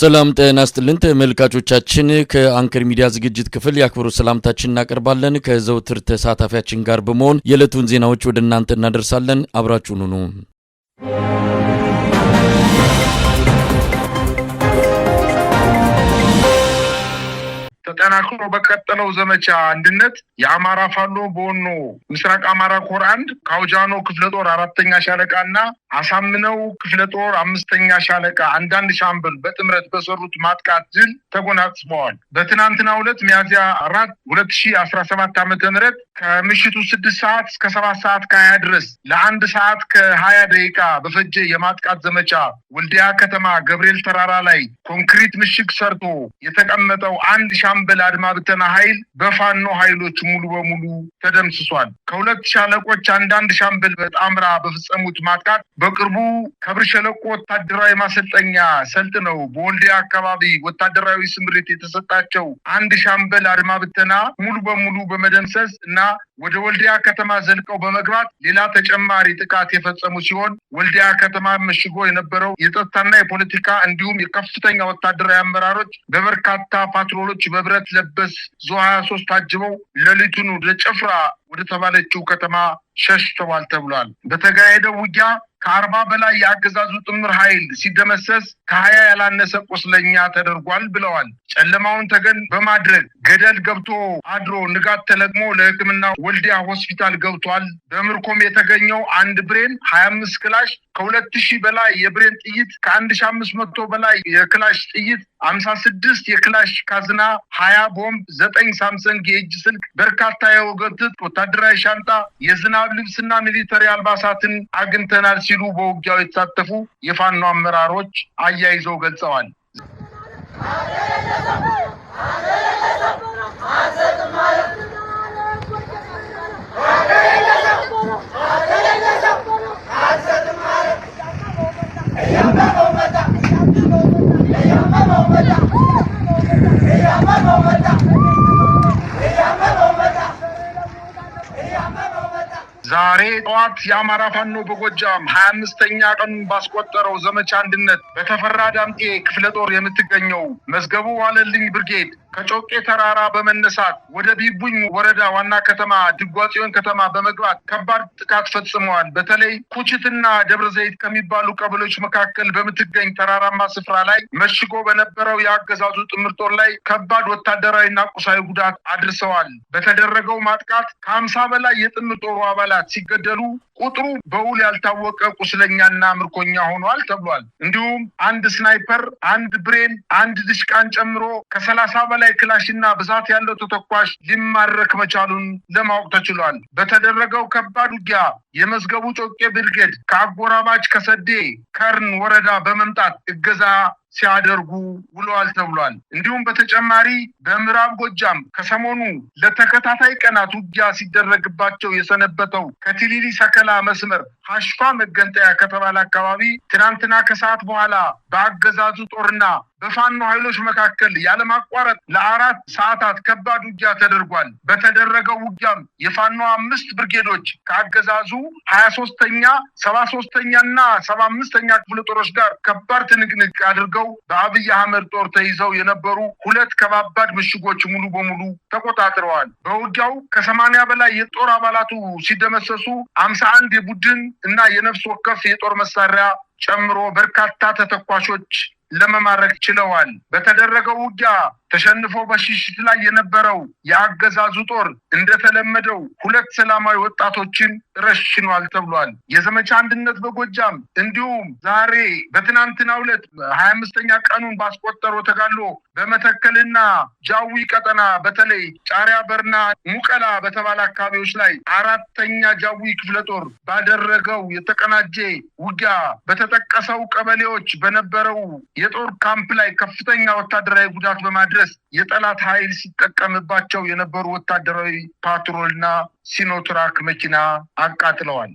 ሰላም ጤና ይስጥልን ተመልካቾቻችን፣ ከአንከር ሚዲያ ዝግጅት ክፍል የአክብሮት ሰላምታችን እናቀርባለን። ከዘውትር ተሳታፊያችን ጋር በመሆን የዕለቱን ዜናዎች ወደ እናንተ እናደርሳለን። አብራችሁን ሁኑ። ተጠናክሮ በቀጠለው ዘመቻ አንድነት የአማራ ፋኖ በሆኖ ምስራቅ አማራ ኮር አንድ ካውጃኖ ክፍለ ጦር አራተኛ ሻለቃ እና አሳምነው ክፍለ ጦር አምስተኛ ሻለቃ አንዳንድ ሻምበል በጥምረት በሰሩት ማጥቃት ድል ተጎናጽፈዋል። በትናንትና ሁለት ሚያዝያ አራት ሁለት ሺ አስራ ሰባት ዓመተ ምህረት ከምሽቱ ስድስት ሰዓት እስከ ሰባት ሰዓት ከሀያ ድረስ ለአንድ ሰዓት ከሀያ ደቂቃ በፈጀ የማጥቃት ዘመቻ ወልዲያ ከተማ ገብርኤል ተራራ ላይ ኮንክሪት ምሽግ ሰርቶ የተቀመጠው አንድ ሻምበል ወንበል አድማ ብተና ኃይል በፋኖ ኃይሎች ሙሉ በሙሉ ተደምስሷል። ከሁለት ሻለቆች አንዳንድ ሻምበል በጣምራ በፈጸሙት ማጥቃት በቅርቡ ከብር ሸለቆ ወታደራዊ ማሰልጠኛ ሰልጥነው በወልዲያ አካባቢ ወታደራዊ ስምሪት የተሰጣቸው አንድ ሻምበል አድማ ብተና ሙሉ በሙሉ በመደምሰስ እና ወደ ወልዲያ ከተማ ዘልቀው በመግባት ሌላ ተጨማሪ ጥቃት የፈጸሙ ሲሆን ወልዲያ ከተማ መሽጎ የነበረው የጸጥታና የፖለቲካ እንዲሁም የከፍተኛ ወታደራዊ አመራሮች በበርካታ ፓትሮሎች በብረ ብረት ለበስ ዙ ሀያ ሶስት ታጅበው ሌሊቱን ለጭፍራ ወደ ተባለችው ከተማ ሸሽተዋል ተብሏል። በተካሄደው ውጊያ ከአርባ በላይ የአገዛዙ ጥምር ኃይል ሲደመሰስ ከሀያ ያላነሰ ቁስለኛ ተደርጓል ብለዋል። ጨለማውን ተገን በማድረግ ገደል ገብቶ አድሮ ንጋት ተለቅሞ ለሕክምና ወልዲያ ሆስፒታል ገብቷል። በምርኮም የተገኘው አንድ ብሬን ሀያ አምስት ክላሽ ከሁለት ሺህ በላይ የብሬን ጥይት ከአንድ ሺህ አምስት መቶ በላይ የክላሽ ጥይት አምሳ ስድስት የክላሽ ካዝና ሀያ ቦምብ ዘጠኝ ሳምሰንግ የእጅ ስልክ በርካታ የወገብ ወታደራዊ ሻንጣ፣ የዝናብ ልብስና ሚሊተሪ አልባሳትን አግኝተናል ሲሉ በውጊያው የተሳተፉ የፋኖ አመራሮች አያይዘው ገልጸዋል። ዛሬ ጠዋት የአማራ ፋኖ በጎጃም ሀያ አምስተኛ ቀኑን ባስቆጠረው ዘመቻ አንድነት በተፈራ ዳምጤ ክፍለ ጦር የምትገኘው መዝገቡ ዋለልኝ ብርጌድ ከጮቄ ተራራ በመነሳት ወደ ቢቡኝ ወረዳ ዋና ከተማ ድጓጽዮን ከተማ በመግባት ከባድ ጥቃት ፈጽመዋል። በተለይ ኩችትና ደብረ ዘይት ከሚባሉ ቀበሌዎች መካከል በምትገኝ ተራራማ ስፍራ ላይ መሽጎ በነበረው የአገዛዙ ጥምር ጦር ላይ ከባድ ወታደራዊና ቁሳዊ ጉዳት አድርሰዋል። በተደረገው ማጥቃት ከአምሳ በላይ የጥምር ጦሩ አባላት ሲገደሉ ቁጥሩ በውል ያልታወቀ ቁስለኛና ምርኮኛ ሆኗል ተብሏል። እንዲሁም አንድ ስናይፐር፣ አንድ ብሬን፣ አንድ ድሽቃን ጨምሮ ከሰላሳ በላይ ላይ ክላሽና ብዛት ያለው ተተኳሽ ሊማረክ መቻሉን ለማወቅ ተችሏል። በተደረገው ከባድ ውጊያ የመዝገቡ ጮቄ ብርጌድ ከአጎራባች ከሰዴ ከርን ወረዳ በመምጣት እገዛ ሲያደርጉ ውለዋል ተብሏል። እንዲሁም በተጨማሪ በምዕራብ ጎጃም ከሰሞኑ ለተከታታይ ቀናት ውጊያ ሲደረግባቸው የሰነበተው ከቲሊሊ ሰከላ መስመር ሀሽፋ መገንጠያ ከተባለ አካባቢ ትናንትና ከሰዓት በኋላ በአገዛዙ ጦርና በፋኖ ኃይሎች መካከል ያለማቋረጥ ለአራት ሰዓታት ከባድ ውጊያ ተደርጓል። በተደረገው ውጊያም የፋኖ አምስት ብርጌዶች ከአገዛዙ ሀያ ሶስተኛ ሰባ ሶስተኛ እና ሰባ አምስተኛ ክፍለ ጦሮች ጋር ከባድ ትንቅንቅ አድርገው በአብይ አህመድ ጦር ተይዘው የነበሩ ሁለት ከባባድ ምሽጎች ሙሉ በሙሉ ተቆጣጥረዋል። በውጊያው ከሰማኒያ በላይ የጦር አባላቱ ሲደመሰሱ አምሳ አንድ የቡድን እና የነፍስ ወከፍ የጦር መሳሪያ ጨምሮ በርካታ ተተኳሾች ለመማረክ ችለዋል። በተደረገው ውጊያ ተሸንፎ በሽሽት ላይ የነበረው የአገዛዙ ጦር እንደተለመደው ሁለት ሰላማዊ ወጣቶችን ረሽኗል ተብሏል። የዘመቻ አንድነት በጎጃም እንዲሁም ዛሬ በትናንትናው ዕለት ሀያ አምስተኛ ቀኑን ባስቆጠሮ ተጋድሎ በመተከልና ጃዊ ቀጠና በተለይ ጫሪያ በርና ሙቀላ በተባለ አካባቢዎች ላይ አራተኛ ጃዊ ክፍለ ጦር ባደረገው የተቀናጀ ውጊያ በተጠቀሰው ቀበሌዎች በነበረው የጦር ካምፕ ላይ ከፍተኛ ወታደራዊ ጉዳት በማድረግ ድረስ የጠላት ኃይል ሲጠቀምባቸው የነበሩ ወታደራዊ ፓትሮልና ሲኖትራክ መኪና አቃጥለዋል።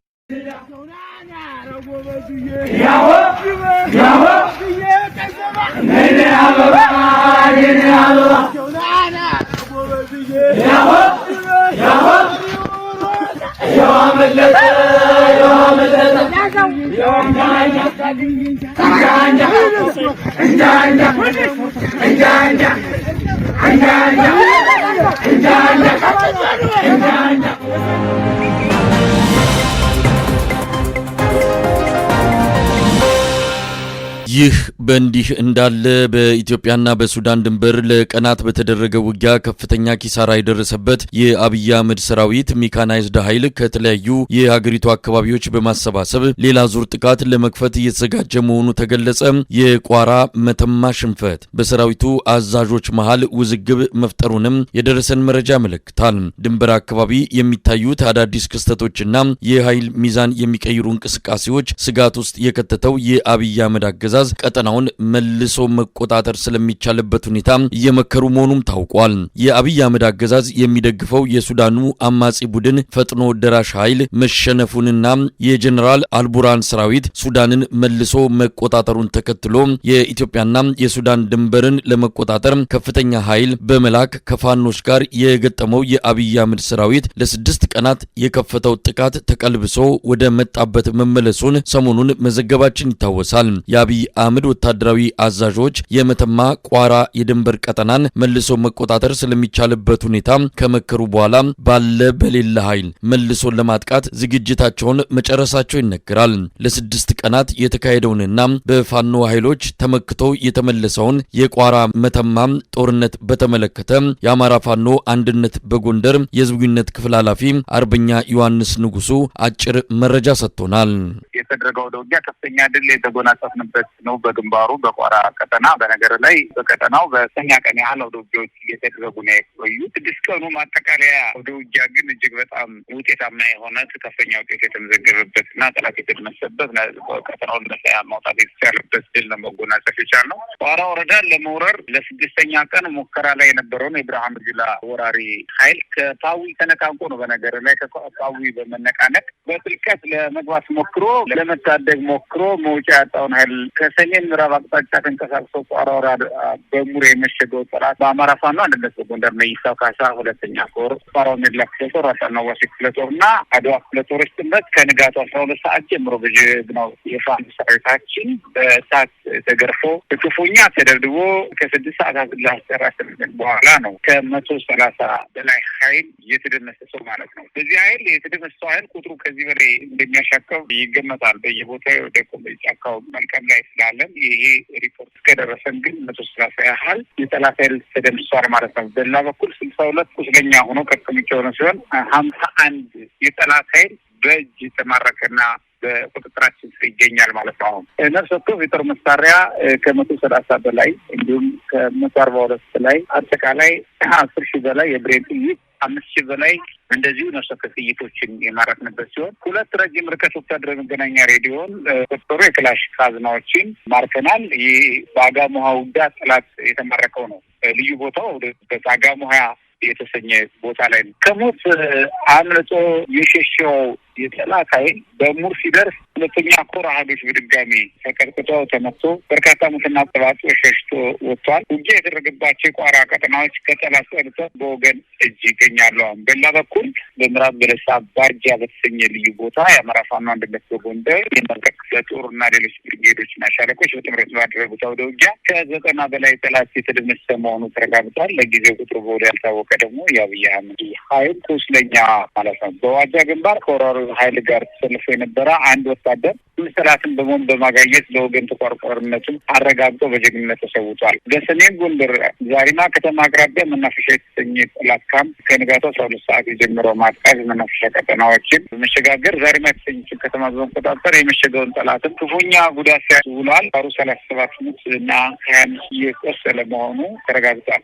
ይህ በእንዲህ እንዳለ በኢትዮጵያና በሱዳን ድንበር ለቀናት በተደረገ ውጊያ ከፍተኛ ኪሳራ የደረሰበት የአብይ አህመድ ሰራዊት ሜካናይዝድ ኃይል ከተለያዩ የሀገሪቱ አካባቢዎች በማሰባሰብ ሌላ ዙር ጥቃት ለመክፈት እየተዘጋጀ መሆኑ ተገለጸ። የቋራ መተማ ሽንፈት በሰራዊቱ አዛዦች መሃል ውዝግብ መፍጠሩንም የደረሰን መረጃ ያመለክታል። ድንበር አካባቢ የሚታዩት አዳዲስ ክስተቶችና የኃይል ሚዛን የሚቀይሩ እንቅስቃሴዎች ስጋት ውስጥ የከተተው የአብይ አህመድ አገዛዝ ቀጠናውን ሁኔታውን መልሶ መቆጣጠር ስለሚቻልበት ሁኔታ እየመከሩ መሆኑም ታውቋል። የአብይ አህመድ አገዛዝ የሚደግፈው የሱዳኑ አማጺ ቡድን ፈጥኖ ደራሽ ኃይል መሸነፉንና የጀኔራል አልቡራን ሰራዊት ሱዳንን መልሶ መቆጣጠሩን ተከትሎ የኢትዮጵያና የሱዳን ድንበርን ለመቆጣጠር ከፍተኛ ኃይል በመላክ ከፋኖች ጋር የገጠመው የአብይ አህመድ ሰራዊት ለስድስት ቀናት የከፈተው ጥቃት ተቀልብሶ ወደ መጣበት መመለሱን ሰሞኑን መዘገባችን ይታወሳል። የአብይ አህመድ ወታደራዊ አዛዦች የመተማ ቋራ የድንበር ቀጠናን መልሶ መቆጣጠር ስለሚቻልበት ሁኔታ ከመከሩ በኋላ ባለ በሌለ ኃይል መልሶ ለማጥቃት ዝግጅታቸውን መጨረሳቸው ይነገራል። ለስድስት ቀናት የተካሄደውንና በፋኖ ኃይሎች ተመክቶ የተመለሰውን የቋራ መተማ ጦርነት በተመለከተ የአማራ ፋኖ አንድነት በጎንደር የዝግኙነት ክፍል ኃላፊ አርበኛ ዮሐንስ ንጉሱ አጭር መረጃ ሰጥቶናል። የተደረገው ውጊያ ከፍተኛ ድል የተጎናጸፍንበት ነው በግንባ ግንባሩ በቋራ ቀጠና በነገር ላይ በቀጠናው በሰኛ ቀን ያህል አውደ ውጊያዎች እየተደረጉ ነው የቆዩ። ስድስት ቀኑ ማጠቃለያ አውደ ውጊያ ግን እጅግ በጣም ውጤታማ የሆነ ከፍተኛ ውጤት የተመዘገበበት እና ጠላት የተደመሰበት ቀጠናውን መሳያ ማውጣት የተቻለበት ድል ለመጎናጸፍ ነው። ቋራ ወረዳን ለመውረር ለስድስተኛ ቀን ሙከራ ላይ የነበረውን የብርሃን ጁላ ወራሪ ኃይል ከፓዊ ተነቃንቆ ነው በነገር ላይ ከፓዊ በመነቃነቅ በጥልቀት ለመግባት ሞክሮ ለመታደግ ሞክሮ መውጫ ያጣውን ኃይል ከሰሜን ምዕራብ አቅጣጫ ተንቀሳቅሶ ቋራራ በሙር የመሸገው ጠላት በአማራ ፋኖ አንድነት በጎንደር መይሳው ካሳ ሁለተኛ ጦር ቋራ ሜድላ ክፍለ ጦር፣ አጣና ዋሴ ክፍለ ጦር እና አድዋ ክፍለ ጦሮች ጥምረት ከንጋቱ አስራ ሁለት ሰዓት ጀምሮ በጀግናው የፋኖ ሰራዊታችን በእሳት ተገርፎ ክፉኛ ተደብድቦ ከስድስት ሰዓታት ላሰራ ላስጨራሽ በኋላ ነው ከመቶ ሰላሳ በላይ ኃይል የተደመሰሰው ማለት ነው። በዚህ ኃይል የተደመሰሰው ኃይል ቁጥሩ ከዚህ በላይ እንደሚያሻቀብ ይገመታል። በየቦታ ደቆ በጫካው መልቀም ላይ ስላለን ይሄ ሪፖርት ከደረሰን ግን መቶ ሰላሳ ያህል የጠላት ኃይል ተደምሷል ማለት ነው። በሌላ በኩል ስልሳ ሁለት ቁስለኛ ሆኖ ከቅምቻ የሆነ ሲሆን ሀምሳ አንድ የጠላት ኃይል በእጅ የተማረከና በቁጥጥራችን ስር ይገኛል ማለት ነው። አሁን ነፍስ ወከፍ የጦር መሳሪያ ከመቶ ሰላሳ በላይ እንዲሁም ከመቶ አርባ ሁለት በላይ አጠቃላይ አስር ሺህ በላይ የብሬን ጥይት አምስት ሺህ በላይ እንደዚሁ ነፍሰ ከፍይቶችን የማረክንበት ሲሆን ሁለት ረጅም ርቀት ወታደራዊ መገናኛ ሬዲዮን ቆጠሩ የክላሽ ካዝናዎችን ማርከናል። ይህ በአጋሞሀ ውጊያ ጠላት የተማረከው ነው። ልዩ ቦታው አጋሞሀ የተሰኘ ቦታ ላይ ነው። ከሞት አምልጦ የሸሸው የጠላት ኃይል በሙር ሲደርስ ሁለተኛ ኮር አህዶች በድጋሚ ተቀጥቅጦ ተመቶ በርካታ ሙትና ጥባጡ ሸሽቶ ወጥቷል። ውጊያ የተደረገባቸው የቋራ ቀጠናዎች ከጠላት ጸድቶ በወገን እጅ ይገኛሉ። በላ በኩል በምዕራብ በለሳ ባርጃ በተሰኘ ልዩ ቦታ የአማራ ፋኖ አንድነት በጎንደር የመልቀቅ ጦርና ሌሎች እና ሻለቆች በጥምረት ባደረጉት አውደ ውጊያ ከዘጠና በላይ ጠላት የተደመሰ መሆኑ ተረጋግጧል። ለጊዜው ቁጥሩ በውል ያልታወቀ ደግሞ የአብይ አህመድ ኃይል ቁስለኛ ማለት ነው በዋጃ ግንባር ከወራሮ ኃይል ጋር ተሰልፎ የነበረ አንድ ወታደር ምስራትን በመሆን በማጋየት ለወገን ተቆርቋሪነቱን አረጋግጦ በጀግንነት ተሰውቷል። በሰሜን ጎንደር ዛሪማ ከተማ አቅራቢያ መናፈሻ የተሰኘ ጠላት ካምፕ ከንጋቱ አስራ ሁለት ሰዓት የጀመረው ማጥቃት መናፈሻ ቀጠናዎችን በመሸጋገር ዛሪማ የተሰኘችን ከተማ በመቆጣጠር የመሸገውን ጠላትም ክፉኛ ጉዳት ሲያውሏል። ባሩ ሰላሳ ሰባት ሙት እና ሀያ አምስት የቆሰለ መሆኑ ተረጋግጧል።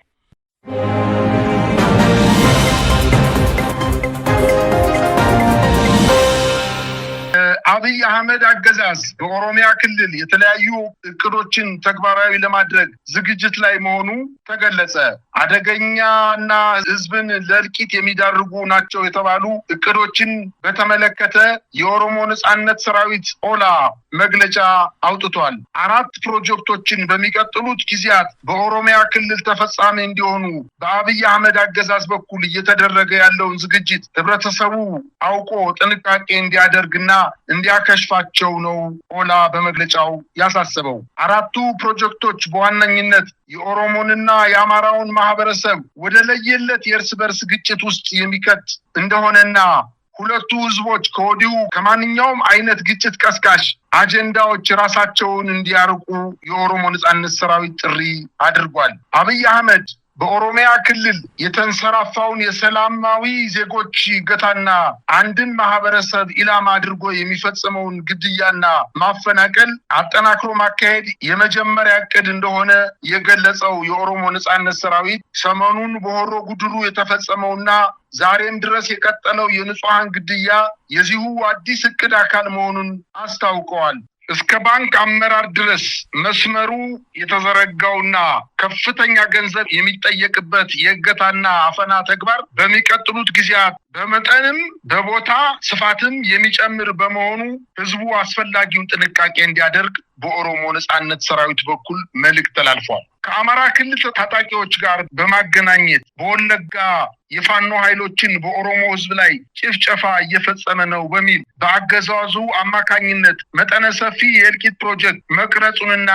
አብይ አህመድ አገዛዝ በኦሮሚያ ክልል የተለያዩ እቅዶችን ተግባራዊ ለማድረግ ዝግጅት ላይ መሆኑ ተገለጸ። አደገኛ እና ህዝብን ለእልቂት የሚዳርጉ ናቸው የተባሉ እቅዶችን በተመለከተ የኦሮሞ ነጻነት ሰራዊት ኦላ መግለጫ አውጥቷል። አራት ፕሮጀክቶችን በሚቀጥሉት ጊዜያት በኦሮሚያ ክልል ተፈጻሚ እንዲሆኑ በአብይ አህመድ አገዛዝ በኩል እየተደረገ ያለውን ዝግጅት ህብረተሰቡ አውቆ ጥንቃቄ እንዲያደርግና እንዲያከሽፋቸው ነው ኦላ በመግለጫው ያሳሰበው። አራቱ ፕሮጀክቶች በዋነኝነት የኦሮሞንና የአማራውን ማህበረሰብ ወደ ለየለት የእርስ በርስ ግጭት ውስጥ የሚከት እንደሆነና ሁለቱ ህዝቦች ከወዲሁ ከማንኛውም አይነት ግጭት ቀስቃሽ አጀንዳዎች ራሳቸውን እንዲያርቁ የኦሮሞ ነጻነት ሰራዊት ጥሪ አድርጓል። አብይ አህመድ በኦሮሚያ ክልል የተንሰራፋውን የሰላማዊ ዜጎች እገታና አንድን ማህበረሰብ ኢላማ አድርጎ የሚፈጽመውን ግድያና ማፈናቀል አጠናክሮ ማካሄድ የመጀመሪያ እቅድ እንደሆነ የገለጸው የኦሮሞ ነጻነት ሰራዊት ሰሞኑን በሆሮ ጉድሩ የተፈጸመውና ዛሬም ድረስ የቀጠለው የንጹሐን ግድያ የዚሁ አዲስ እቅድ አካል መሆኑን አስታውቀዋል። እስከ ባንክ አመራር ድረስ መስመሩ የተዘረጋውና ከፍተኛ ገንዘብ የሚጠየቅበት የእገታና አፈና ተግባር በሚቀጥሉት ጊዜያት በመጠንም በቦታ ስፋትም የሚጨምር በመሆኑ ህዝቡ አስፈላጊውን ጥንቃቄ እንዲያደርግ በኦሮሞ ነጻነት ሰራዊት በኩል መልእክት ተላልፏል። ከአማራ ክልል ታጣቂዎች ጋር በማገናኘት በወለጋ የፋኖ ኃይሎችን በኦሮሞ ህዝብ ላይ ጭፍጨፋ እየፈጸመ ነው በሚል በአገዛዙ አማካኝነት መጠነ ሰፊ የእልቂት ፕሮጀክት መቅረጹንና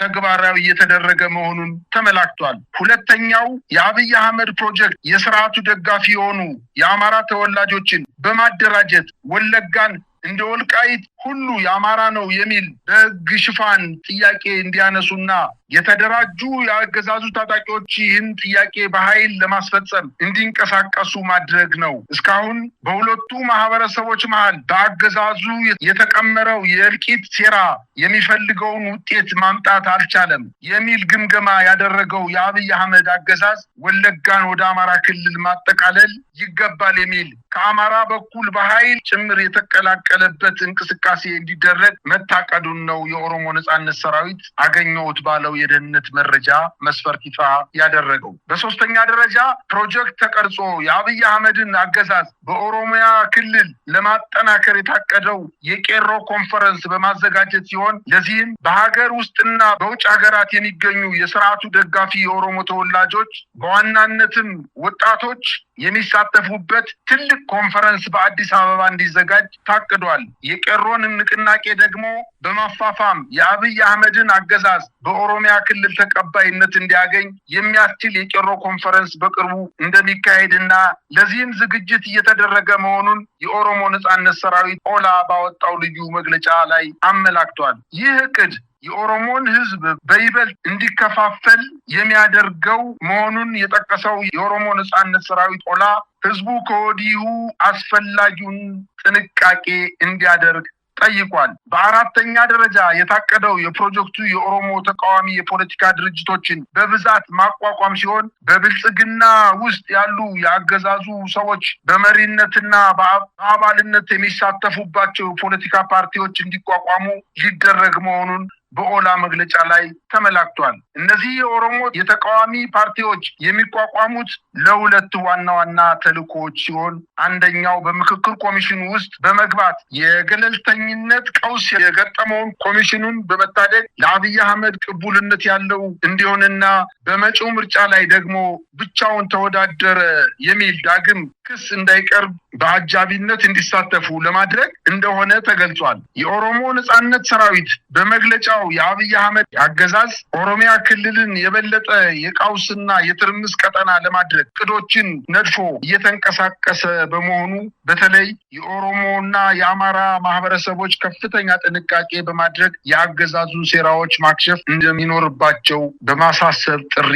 ተግባራዊ እየተደረገ መሆኑን ተመላክቷል። ሁለተኛው የአብይ አህመድ ፕሮጀክት የስርዓቱ ደጋፊ የሆኑ የአማራ ተወላጆችን በማደራጀት ወለጋን እንደ ወልቃይት ሁሉ የአማራ ነው የሚል በህግ ሽፋን ጥያቄ እንዲያነሱና የተደራጁ የአገዛዙ ታጣቂዎች ይህን ጥያቄ በኃይል ለማስፈጸም እንዲንቀሳቀሱ ማድረግ ነው። እስካሁን በሁለቱ ማህበረሰቦች መሀል በአገዛዙ የተቀመረው የእልቂት ሴራ የሚፈልገውን ውጤት ማምጣት አልቻለም የሚል ግምገማ ያደረገው የአብይ አህመድ አገዛዝ ወለጋን ወደ አማራ ክልል ማጠቃለል ይገባል የሚል ከአማራ በኩል በኃይል ጭምር የተቀላቀለበት እንቅስቃሴ እንዲደረግ መታቀዱን ነው የኦሮሞ ነጻነት ሰራዊት አገኘሁት ባለው የደህንነት መረጃ መስፈርት ይፋ ያደረገው። በሶስተኛ ደረጃ ፕሮጀክት ተቀርጾ የአብይ አህመድን አገዛዝ በኦሮሚያ ክልል ለማጠናከር የታቀደው የቄሮ ኮንፈረንስ በማዘጋጀት ሲሆን ለዚህም በሀገር ውስጥና በውጭ ሀገራት የሚገኙ የስርዓቱ ደጋፊ የኦሮሞ ተወላጆች በዋናነትም ወጣቶች የሚሳተፉበት ትልቅ ኮንፈረንስ በአዲስ አበባ እንዲዘጋጅ ታቅዷል። የቄሮንን ንቅናቄ ደግሞ በማፋፋም የአብይ አህመድን አገዛዝ በኦሮሚያ ክልል ተቀባይነት እንዲያገኝ የሚያስችል የቄሮ ኮንፈረንስ በቅርቡ እንደሚካሄድና ለዚህም ዝግጅት እየተደረገ መሆኑን የኦሮሞ ነጻነት ሰራዊት ኦላ ባወጣው ልዩ መግለጫ ላይ አመላክቷል። ይህ እቅድ የኦሮሞን ሕዝብ በይበልጥ እንዲከፋፈል የሚያደርገው መሆኑን የጠቀሰው የኦሮሞ ነጻነት ሰራዊት ኦላ ህዝቡ ከወዲሁ አስፈላጊውን ጥንቃቄ እንዲያደርግ ጠይቋል። በአራተኛ ደረጃ የታቀደው የፕሮጀክቱ የኦሮሞ ተቃዋሚ የፖለቲካ ድርጅቶችን በብዛት ማቋቋም ሲሆን በብልጽግና ውስጥ ያሉ የአገዛዙ ሰዎች በመሪነትና በአባልነት የሚሳተፉባቸው የፖለቲካ ፓርቲዎች እንዲቋቋሙ ሊደረግ መሆኑን በኦላ መግለጫ ላይ ተመላክቷል። እነዚህ የኦሮሞ የተቃዋሚ ፓርቲዎች የሚቋቋሙት ለሁለት ዋና ዋና ተልኮዎች ሲሆን አንደኛው በምክክር ኮሚሽኑ ውስጥ በመግባት የገለልተኝነት ቀውስ የገጠመውን ኮሚሽኑን በመታደግ ለአብይ አህመድ ቅቡልነት ያለው እንዲሆንና በመጪው ምርጫ ላይ ደግሞ ብቻውን ተወዳደረ የሚል ዳግም ክስ እንዳይቀርብ በአጃቢነት እንዲሳተፉ ለማድረግ እንደሆነ ተገልጿል። የኦሮሞ ነጻነት ሰራዊት በመግለጫው የመራው የአብይ አህመድ አገዛዝ ኦሮሚያ ክልልን የበለጠ የቃውስና የትርምስ ቀጠና ለማድረግ ቅዶችን ነድፎ እየተንቀሳቀሰ በመሆኑ በተለይ የኦሮሞና የአማራ ማህበረሰቦች ከፍተኛ ጥንቃቄ በማድረግ የአገዛዙን ሴራዎች ማክሸፍ እንደሚኖርባቸው በማሳሰብ ጥሪ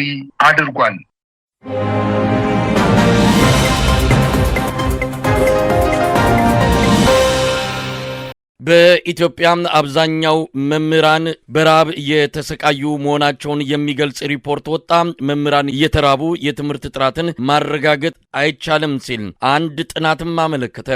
አድርጓል። በኢትዮጵያም አብዛኛው መምህራን በራብ የተሰቃዩ መሆናቸውን የሚገልጽ ሪፖርት ወጣ። መምህራን እየተራቡ የትምህርት ጥራትን ማረጋገጥ አይቻልም ሲል አንድ ጥናትም አመለከተ።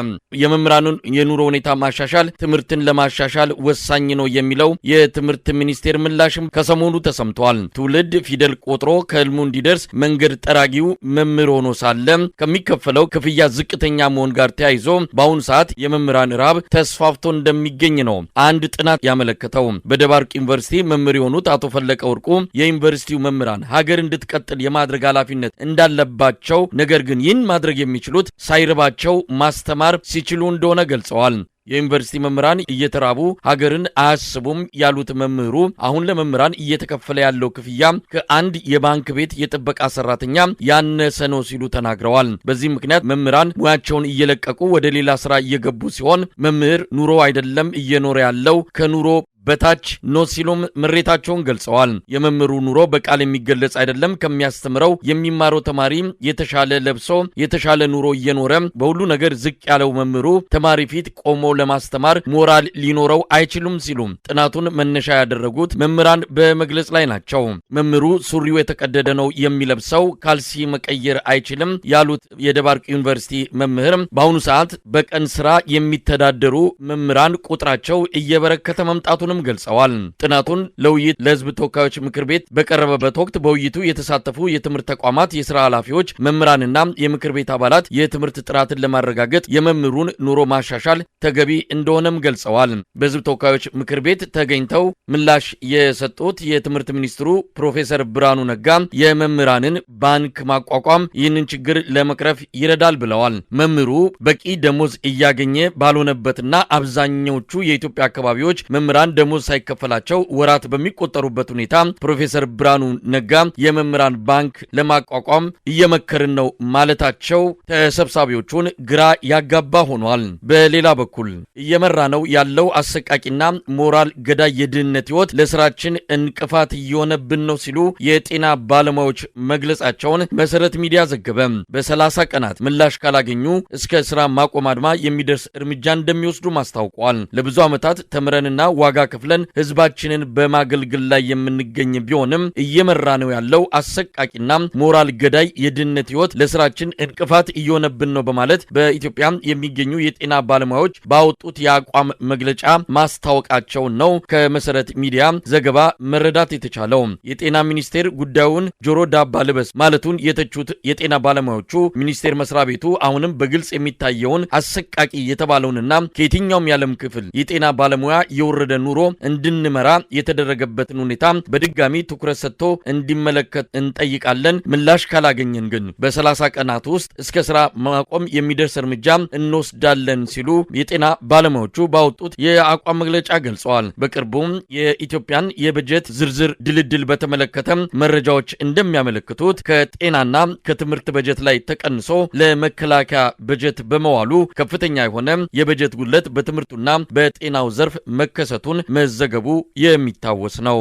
የመምህራኑን የኑሮ ሁኔታ ማሻሻል ትምህርትን ለማሻሻል ወሳኝ ነው የሚለው የትምህርት ሚኒስቴር ምላሽም ከሰሞኑ ተሰምቷል። ትውልድ ፊደል ቆጥሮ ከህልሙ እንዲደርስ መንገድ ጠራጊው መምህር ሆኖ ሳለ ከሚከፈለው ክፍያ ዝቅተኛ መሆን ጋር ተያይዞ በአሁኑ ሰዓት የመምህራን ራብ ተስፋፍቶ እንደ እንደሚገኝ ነው አንድ ጥናት ያመለከተው። በደባርቅ ዩኒቨርሲቲ መምህር የሆኑት አቶ ፈለቀ ወርቁ የዩኒቨርሲቲው መምህራን ሀገር እንድትቀጥል የማድረግ ኃላፊነት እንዳለባቸው፣ ነገር ግን ይህን ማድረግ የሚችሉት ሳይርባቸው ማስተማር ሲችሉ እንደሆነ ገልጸዋል። የዩኒቨርሲቲ መምህራን እየተራቡ ሀገርን አያስቡም ያሉት መምህሩ አሁን ለመምህራን እየተከፈለ ያለው ክፍያ ከአንድ የባንክ ቤት የጥበቃ ሰራተኛ ያነሰ ነው ሲሉ ተናግረዋል። በዚህ ምክንያት መምህራን ሙያቸውን እየለቀቁ ወደ ሌላ ስራ እየገቡ ሲሆን መምህር ኑሮ አይደለም እየኖረ ያለው ከኑሮ በታች ነው ሲሉም ምሬታቸውን ገልጸዋል። የመምህሩ ኑሮ በቃል የሚገለጽ አይደለም። ከሚያስተምረው የሚማረው ተማሪ የተሻለ ለብሶ የተሻለ ኑሮ እየኖረ በሁሉ ነገር ዝቅ ያለው መምህሩ ተማሪ ፊት ቆሞ ለማስተማር ሞራል ሊኖረው አይችሉም ሲሉ ጥናቱን መነሻ ያደረጉት መምህራን በመግለጽ ላይ ናቸው። መምህሩ ሱሪው የተቀደደ ነው የሚለብሰው፣ ካልሲ መቀየር አይችልም ያሉት የደባርቅ ዩኒቨርሲቲ መምህር በአሁኑ ሰዓት በቀን ስራ የሚተዳደሩ መምህራን ቁጥራቸው እየበረከተ መምጣቱን መሆኑንም ገልጸዋል። ጥናቱን ለውይይት ለህዝብ ተወካዮች ምክር ቤት በቀረበበት ወቅት በውይይቱ የተሳተፉ የትምህርት ተቋማት የስራ ኃላፊዎች፣ መምህራንና የምክር ቤት አባላት የትምህርት ጥራትን ለማረጋገጥ የመምህሩን ኑሮ ማሻሻል ተገቢ እንደሆነም ገልጸዋል። በህዝብ ተወካዮች ምክር ቤት ተገኝተው ምላሽ የሰጡት የትምህርት ሚኒስትሩ ፕሮፌሰር ብርሃኑ ነጋ የመምህራንን ባንክ ማቋቋም ይህንን ችግር ለመቅረፍ ይረዳል ብለዋል። መምህሩ በቂ ደሞዝ እያገኘ ባልሆነበትና አብዛኛዎቹ የኢትዮጵያ አካባቢዎች መምህራን ደሞዝ ሳይከፈላቸው ወራት በሚቆጠሩበት ሁኔታ ፕሮፌሰር ብርሃኑ ነጋ የመምህራን ባንክ ለማቋቋም እየመከርን ነው ማለታቸው ተሰብሳቢዎቹን ግራ ያጋባ ሆኗል። በሌላ በኩል እየመራ ነው ያለው አሰቃቂና ሞራል ገዳይ የድህነት ህይወት ለስራችን እንቅፋት እየሆነብን ነው ሲሉ የጤና ባለሙያዎች መግለጻቸውን መሰረት ሚዲያ ዘገበ። በሰላሳ ቀናት ምላሽ ካላገኙ እስከ ስራ ማቆም አድማ የሚደርስ እርምጃ እንደሚወስዱ ማስታውቋል። ለብዙ ዓመታት ተምረንና ዋጋ ከፍለን ህዝባችንን በማገልገል ላይ የምንገኝ ቢሆንም እየመራ ነው ያለው አሰቃቂና ሞራል ገዳይ የድህነት ህይወት ለስራችን እንቅፋት እየሆነብን ነው በማለት በኢትዮጵያ የሚገኙ የጤና ባለሙያዎች ባወጡት የአቋም መግለጫ ማስታወቃቸው ነው ከመሰረት ሚዲያ ዘገባ መረዳት የተቻለው። የጤና ሚኒስቴር ጉዳዩን ጆሮ ዳባ ልበስ ማለቱን የተቹት የጤና ባለሙያዎቹ ሚኒስቴር መስሪያ ቤቱ አሁንም በግልጽ የሚታየውን አሰቃቂ የተባለውንና ከየትኛውም የዓለም ክፍል የጤና ባለሙያ የወረደ ኑሮ እንድንመራ የተደረገበትን ሁኔታ በድጋሚ ትኩረት ሰጥቶ እንዲመለከት እንጠይቃለን። ምላሽ ካላገኘን ግን በሰላሳ ቀናት ውስጥ እስከ ስራ ማቆም የሚደርስ እርምጃ እንወስዳለን ሲሉ የጤና ባለሙያዎቹ ባወጡት የአቋም መግለጫ ገልጸዋል። በቅርቡም የኢትዮጵያን የበጀት ዝርዝር ድልድል በተመለከተ መረጃዎች እንደሚያመለክቱት ከጤናና ከትምህርት በጀት ላይ ተቀንሶ ለመከላከያ በጀት በመዋሉ ከፍተኛ የሆነ የበጀት ጉድለት በትምህርቱና በጤናው ዘርፍ መከሰቱን መዘገቡ የሚታወስ ነው።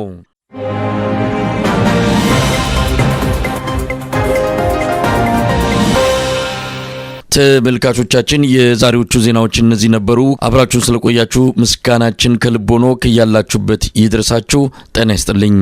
ተመልካቾቻችን የዛሬዎቹ ዜናዎች እነዚህ ነበሩ። አብራችሁን ስለቆያችሁ ምስጋናችን ከልብ ሆኖ ከያላችሁበት ይድረሳችሁ። ጤና ይስጥልኝ።